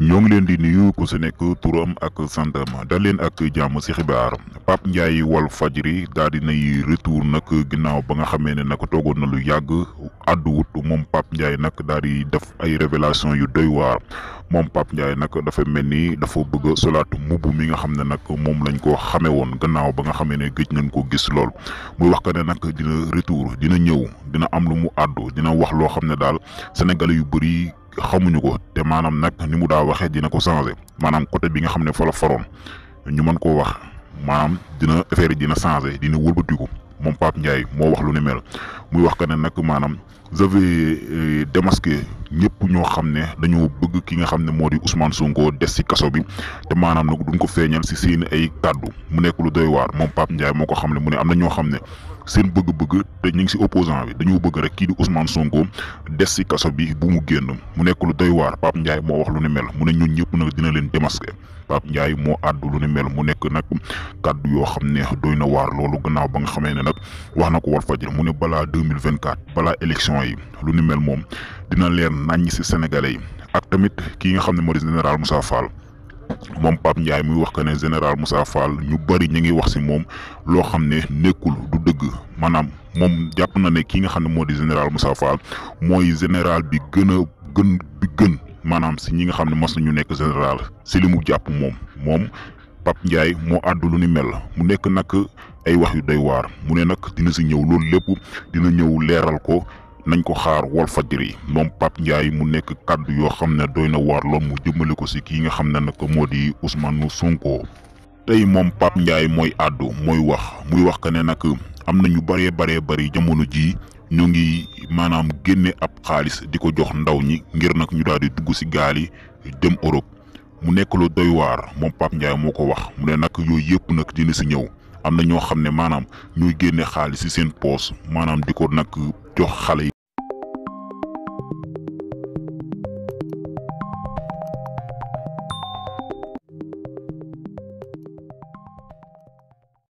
ñoo ngi leen di nuyu ku su nekk turam ak santam dal leen ak jàmm si xibaar Pape Ndiaye Walf Fadjri daal di nay retour nag ginnaaw ba nga xamee ne nag toogoon na lu yàgg àdduwut moom Pape Ndiaye nag daal di def ay révélation yu doy waar moom Pape Ndiaye nag dafa mel ni dafa bëgg a solaat mbubb mi nga xam ne nag moom lañ ko xamee woon gannaaw ba nga xamee ne gëj nañ ko gis lool muy wax ko ne nag dina retour dina ñëw dina am lu mu àddu dina wax loo xam ne daal Sénégalais yu bëri. xamuñu ko te maanaam nag ni mu daa waxee dina ko changé maanaam côté bi nga xam ne fa la faroon ñu man koo wax maanaam dina affaire yi dina changé dina wëlbatiku moom Pape Ndiaye moo wax lu ne mel muy wax que ne nag maanaam j'avais euh, démasqué ñëpp ñoo xam ne dañoo bëgg ki nga xam ne moo di Ousmane Sonko des ci kaso bi te maanaam nag duñ ko feeñal ci seen ay kàddu mu nekk lu doy waar moom Pape Ndiaye moo ko xam ne mu ne am na ñoo xam ne. seen bëgg-bëgg te ñu ngi si opposant bi dañoo bëgg rek kii di Ousmane Sonko des si kaso bi bu mu génn mu nekk lu doy waar Pape njaay moo wax lu ni mel mu ne ñun ñëpp nag dina leen démasqué Pape Ndiaye moo àddu lu mel mu nekk nag kàddu yoo xam ne doy na waar loolu gannaaw ba nga xamee ne nag wax na ko Walf Fadjri mu ne balaa deux mille vingt quatre balaa élection yi lu ni mel moom dina leer naññ si sénégalais yi ak tamit kii nga xam ne moo di général Moussa Fall. moom Pape njaay muy wax que ne général Moussa Fall ñu bëri ñu ngi wax si moom loo xam ne nekkul du dëgg maanaam moom jàpp na ne ki nga xam ne moo di général Moussa Fall mooy général bi gën a gën bi gën maanaam si ñi nga xam ne mas ñu nekk général si li mu jàpp moom moom Pape Ndiaye moo àddu lu ni mel mu nekk nag ay wax yu day waar mu ne nag dina si ñëw loolu lépp dina ñëw leeral ko. nañ ko xaar wal fajri moom pap njaay mu nekk kaddu yoo xam ne doy na mu jëmale ko si kii nga xam ne nag moo di ousmane sonko tey moom pap njaay mooy àddu wax muy wax ñu bare bare bari jamono ji ñu ngi maanaam ab jox ndaw ñi ngir nak ñu daal di dugg si gaal yi dem europe mu nekk lu doy waar moom pap njaay moo ko wax mu ne nag yooyu yépp nag dina si ñëw am seen jox